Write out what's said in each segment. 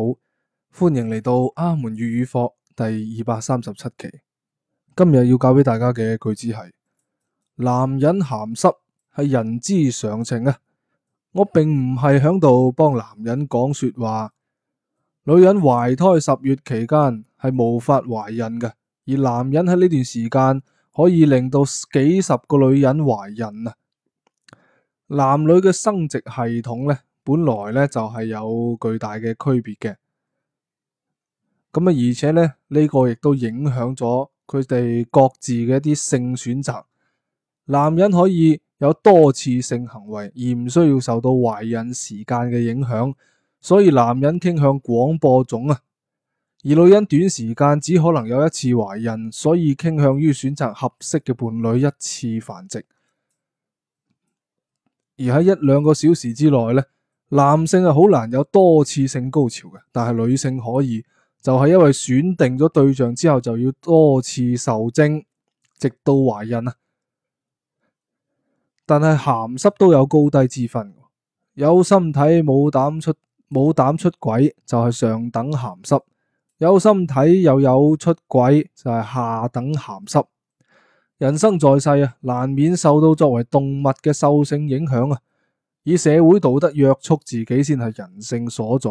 好，歡迎嚟到阿門粵語課第二百三十七期。今日要教俾大家嘅句子係：男人咸濕係人之常情啊！我並唔係響度幫男人講說話。女人懷胎十月期間係無法懷孕嘅，而男人喺呢段時間可以令到幾十個女人懷孕啊！男女嘅生殖系統呢，本來呢就係有巨大嘅區別嘅。咁啊，而且呢，呢、呢個亦都影響咗佢哋各自嘅一啲性選擇。男人可以有多次性行為，而唔需要受到懷孕時間嘅影響，所以男人傾向廣播種啊。而女人短時間只可能有一次懷孕，所以傾向於選擇合適嘅伴侶一次繁殖。而喺一兩個小時之內呢，男性係好難有多次性高潮嘅，但係女性可以。就係因為選定咗對象之後，就要多次受精，直到懷孕啊。但係鹹濕都有高低之分，有心睇冇膽出冇膽出軌就係上等鹹濕，有心睇又有出軌就係下等鹹濕。人生在世啊，難免受到作為動物嘅獸性影響啊，以社會道德約束自己先係人性所在。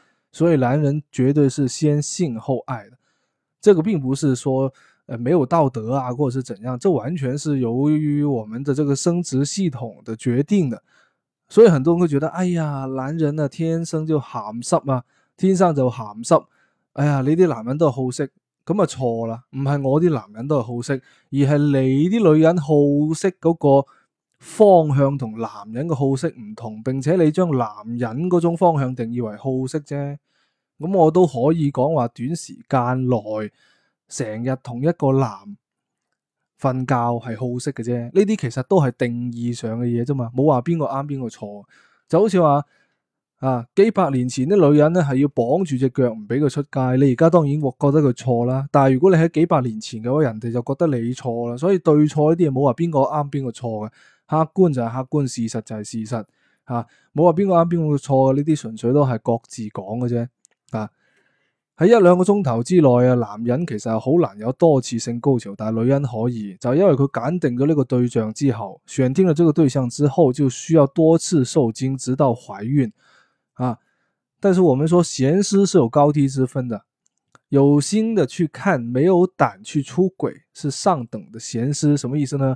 所以男人絕對是先性後愛的，這個並不是說，誒，沒有道德啊，或者是怎樣，這完全是由於我們的這個生殖系統的決定的。所以很多人會覺得，哎呀，男人呢天生就鹹濕嘛，天生就鹹濕，啊，哎呀，你啲男人都係好色，咁啊錯啦，唔係我啲男人都係好色，而係你啲女人好色嗰，嗰個方向同男人嘅好色唔同，並且你將男人嗰種方向定義為好色啫。咁我都可以講話，短時間內成日同一個男瞓覺係好色嘅啫。呢啲其實都係定義上嘅嘢啫嘛，冇話邊個啱邊個錯。就好似話啊，幾百年前啲女人咧係要綁住隻腳唔俾佢出街，你而家當然覺得佢錯啦。但係如果你喺幾百年前嘅話，人哋就覺得你錯啦。所以對錯呢啲嘢冇話邊個啱邊個錯嘅。客觀就係客觀事實，就係事實吓，冇話邊個啱邊個錯嘅，呢啲純粹都係各自講嘅啫啊！喺一兩個鐘頭之內啊，男人其實係好難有多次性高潮，但係女人可以就因為佢揀定咗呢個對象之後，選定咗呢個對象之後就需要多次受精，直到懷孕啊！但是我們說鹹濕是有高低之分的，有心的去看，沒有膽去出軌，是上等的鹹濕，什麼意思呢？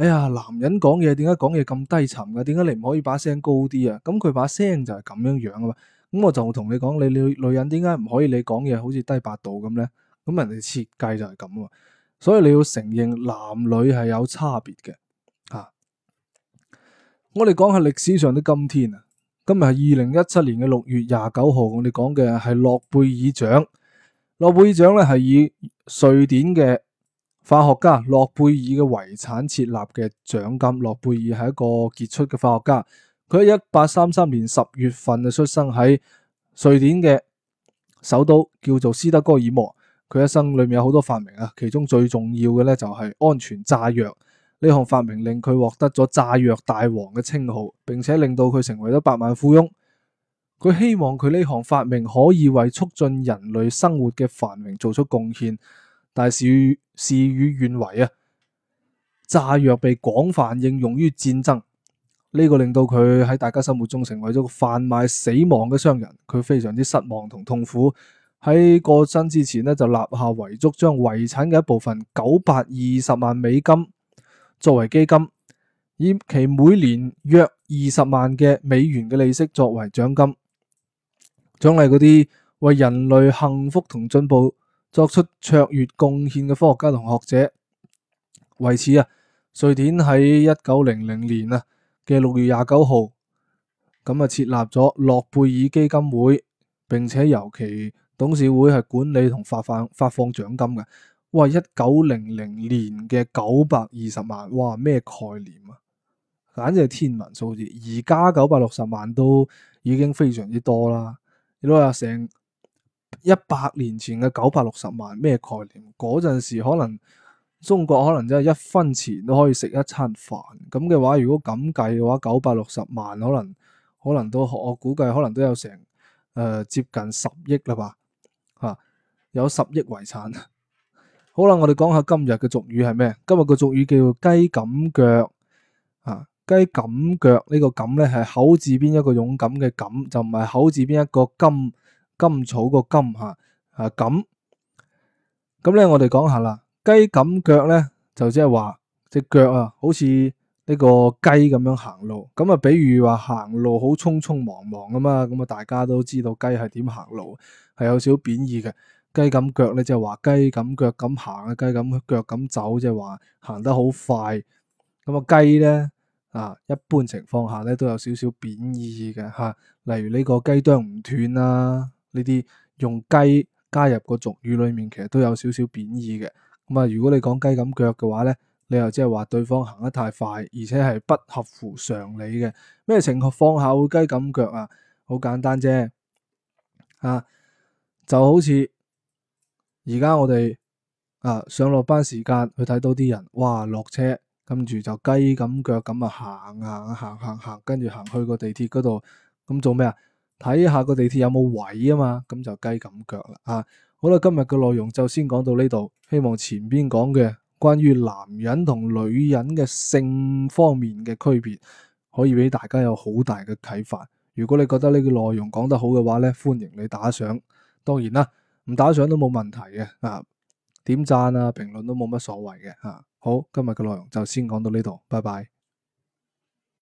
哎呀，男人講嘢點解講嘢咁低沉噶、啊？點解你唔可以把聲高啲啊？咁佢把聲就係咁樣樣噶嘛？咁我就同你講，你女女人點解唔可以你講嘢好似低八度咁咧？咁人哋設計就係咁啊！所以你要承認男女係有差別嘅。吓、啊，我哋講下歷史上的今天啊，今日係二零一七年嘅六月廿九號，我哋講嘅係諾貝爾獎。諾貝爾獎咧係以瑞典嘅。化學家諾貝爾嘅遺產設立嘅獎金，諾貝爾係一個傑出嘅化學家。佢喺一八三三年十月份就出生喺瑞典嘅首都叫做斯德哥爾摩。佢一生裏面有好多發明啊，其中最重要嘅咧，就係安全炸藥。呢項發明令佢獲得咗炸藥大王嘅稱號，並且令到佢成為咗百萬富翁。佢希望佢呢項發明可以為促進人類生活嘅繁榮做出貢獻。但係事事與願違啊！炸藥被廣泛應用於戰爭，呢個令到佢喺大家心目中成為咗販賣死亡嘅商人。佢非常之失望同痛苦，喺過身之前呢就立下遺囑，將遺產嘅一部分九百二十萬美金作為基金，以其每年約二十萬嘅美元嘅利息作為獎金，獎勵嗰啲為人類幸福同進步。作出卓越貢獻嘅科學家同學者，為此啊，瑞典喺一九零零年啊嘅六月廿九號，咁啊設立咗諾貝爾基金會，並且尤其董事會係管理同發放發放獎金嘅。哇！一九零零年嘅九百二十萬，哇咩概念啊？簡直係天文數字。而家九百六十萬都已經非常之多啦。你都下成。一百年前嘅九百六十萬咩概念？嗰陣時可能中國可能真係一分錢都可以食一餐飯咁嘅話，如果咁計嘅話，九百六十萬可能可能都我估計可能都有成誒、呃、接近十億啦吧，吓、啊，有十億遺產。 好啦，我哋講下今日嘅俗語係咩？今日嘅俗語叫做雞咁腳啊！雞咁腳個呢個咁咧係口字邊一個勇敢嘅敢，就唔係口字邊一個甘。甘草個甘吓啊，咁咁咧，我哋講下啦。雞咁腳咧，就即係話隻腳啊，好似呢個雞咁樣行路。咁啊，比如話行路好匆匆忙忙啊嘛。咁啊，大家都知道雞係點行路，係有少少貶義嘅。雞咁腳咧，即係話雞咁腳咁行啊，雞咁腳咁走，即係話行得好快。咁啊，雞咧啊，一般情況下咧都有少少貶義嘅吓。例如呢個雞啄唔斷啊。呢啲用雞加入個俗語裏面，其實都有少少貶義嘅。咁啊，如果你講雞咁腳嘅話咧，你又即係話對方行得太快，而且係不合乎常理嘅。咩情況放下會雞咁腳啊？好簡單啫，啊，啊，就好似而家我哋啊，上落班時間去睇到啲人，哇落車跟住就雞咁腳咁啊行行行行行，跟住行去個地鐵嗰度，咁，嗯，做咩啊？睇下個地鐵有冇位啊嘛，咁就雞咁腳啦啊！好啦，今日嘅內容就先講到呢度，希望前邊講嘅關於男人同女人嘅性方面嘅區別，可以俾大家有好大嘅啟發。如果你覺得呢個內容講得好嘅話咧，歡迎你打賞。當然啦，唔打賞都冇問題嘅啊，點讚啊，評論都冇乜所謂嘅啊。好，今日嘅內容就先講到呢度，拜拜。